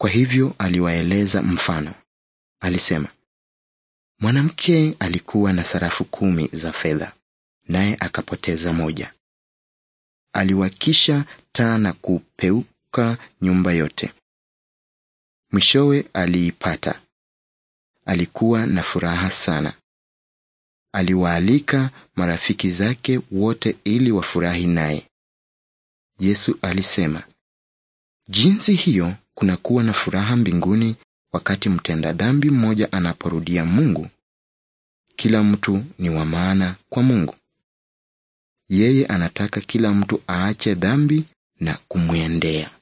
Kwa hivyo aliwaeleza mfano. Alisema, mwanamke alikuwa na sarafu kumi za fedha, naye akapoteza moja. Aliwakisha taa na kupeuka nyumba yote. Mwishowe aliipata. Alikuwa na furaha sana. Aliwaalika marafiki zake wote ili wafurahi naye. Yesu alisema, jinsi hiyo kunakuwa na furaha mbinguni wakati mtenda dhambi mmoja anaporudia Mungu. Kila mtu ni wa maana kwa Mungu. Yeye anataka kila mtu aache dhambi na kumwendea.